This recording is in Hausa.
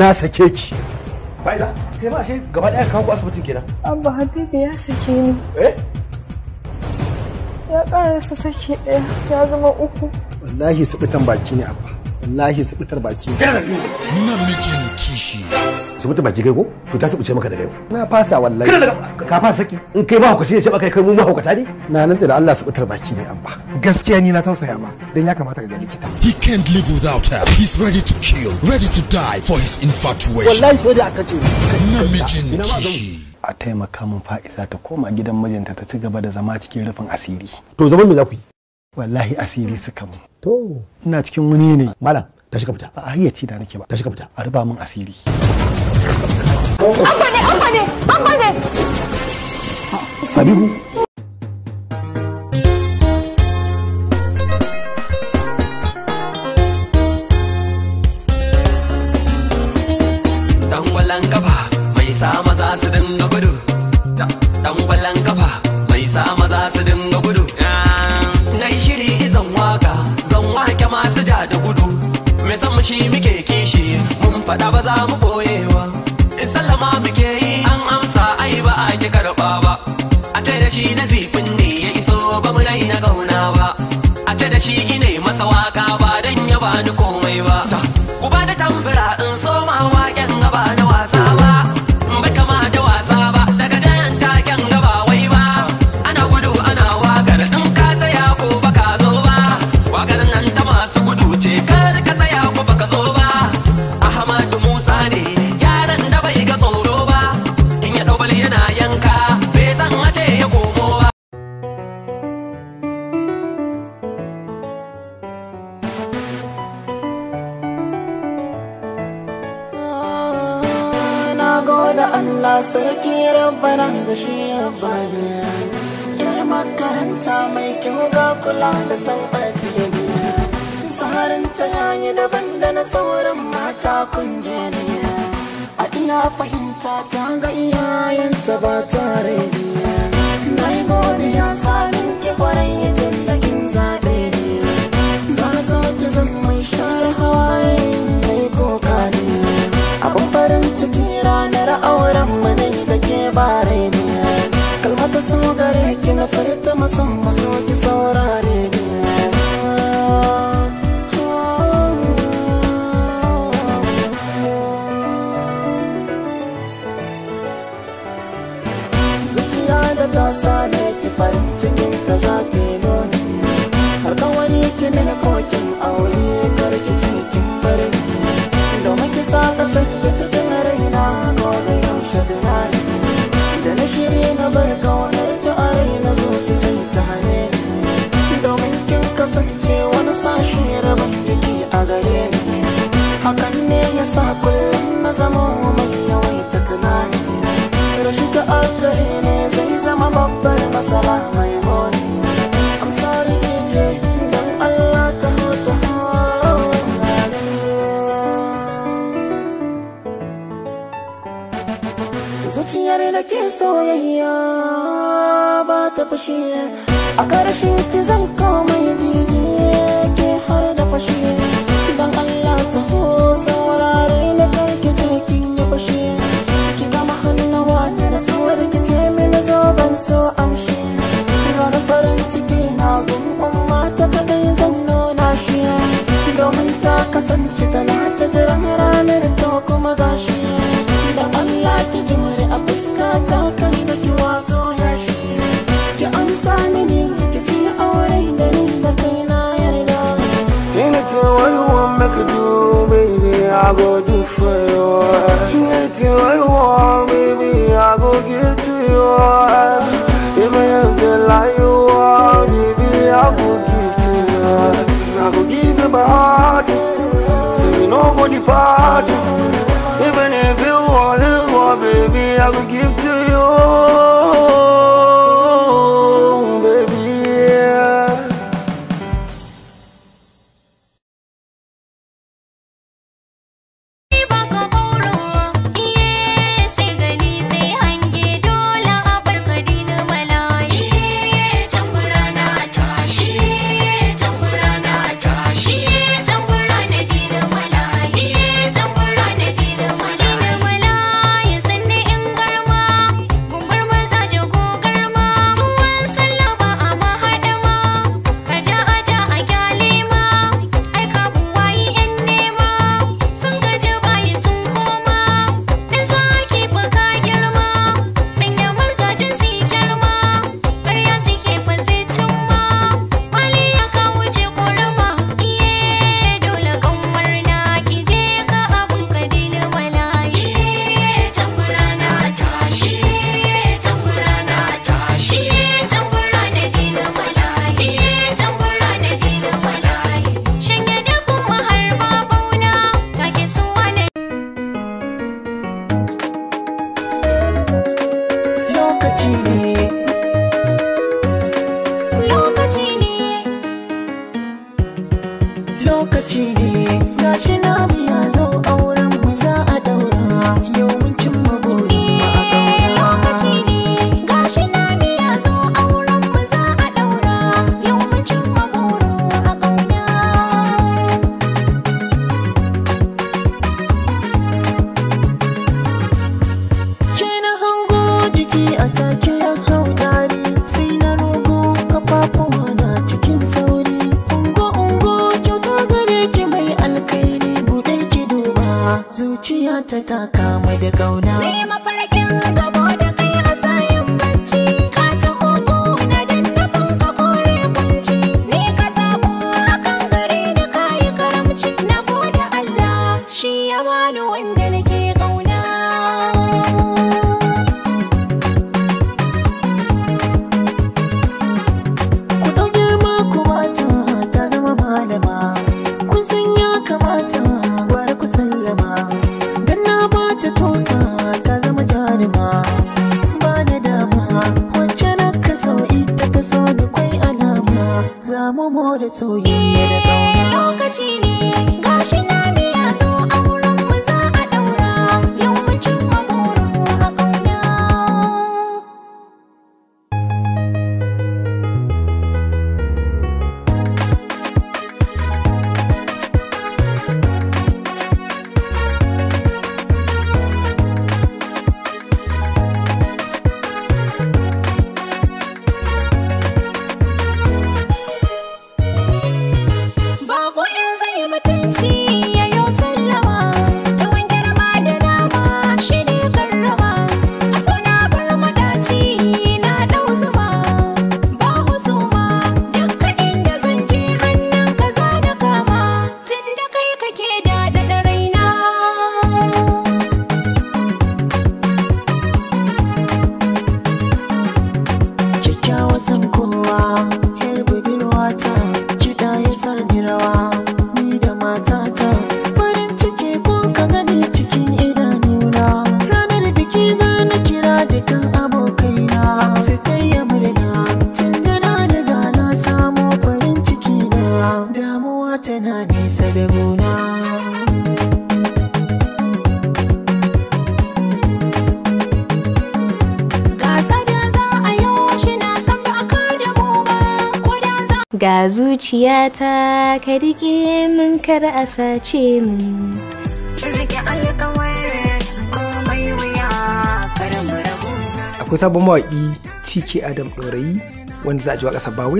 na sake ki Faiza, kai ma shi gaba ɗaya kawo ku asibitin kenan. Abba Habibu ya sake ni. Eh? Ya ƙararsa sake ɗaya, ya zama uku. Wallahi sibitan baki ne, Abba. Wallahi sibitar baki ne. Namijin kishi. su mutu baki kai ko to ta subuce maka daga yau na fasa wallahi ka fasa saki in kai ba hukaci ne sai baka kai mu ma hukata ne na nan da Allah su subutar baki ne amma gaskiya ni na tausaya ba dan ya kamata ka ga likita he can't live without her he's ready to kill ready to die for his infatuation wallahi soja aka ce namijin a taimaka min fa'iza ta koma gidan mijinta ta ci gaba da zama cikin rufin asiri to zaman me za ku yi wallahi asiri suka mu to ina cikin wani ne malam tashi ka fita ba a hayyaci da nake ba tashi ka fita a riba min asiri abba ne abba ne abba ne sabibu dan walan kafa mai sa maza su dinga gudu dan walan kafa mai sa maza su dinga shi muke kishi mun faɗa ba za mu boyewa in sallama muke yi an amsa ai ba a ki karɓa ba a ce da shi na zifin ne ya iso ba mu raina gauna ba a ce da shi ine masa waka ba dan ya bani komai ba ku ba da tambura in sarki rabbana da shi abadiya yar makaranta mai kyau ga kula da san ajiya saharin ta yayi daban da na sauran mata kunje ne a ina fahimta ta ga iyayenta ba tare da na yi godiya sanin ki kwarai tun da kin zaɓe na gare ki na furta musamman so ki saurare ni zuciya da ta same ki farin ka agare ne zai zama babbar masala mai moni I'm sorry DJ don Allah ta hota Zuciyar da ke soyayya ba ta fashe a ƙarshe ki zan mai DJ ke har da fashe. ta kaɗai zan na shi domin ta kasance tana ta jiran ranar ta kuma gashi da Allah ki jure a fuska ta kan da ki waso ya shi ki amsa mini ki ci aure da ni da kai na yarda ina ta wani one make do baby I go do ina ta wani one my heart. Say we no go Even if you want you want, baby, I will give to you. Gashi na biya zo auren mu za a daura yau American like a Zamu more soyayya da kauna lokaci ne gashi na ya zo ga zuciyata ka rike min kar a sace min akwai sabon mawaƙi tk adam ɗorayi wanda za a ji wa ƙasa ba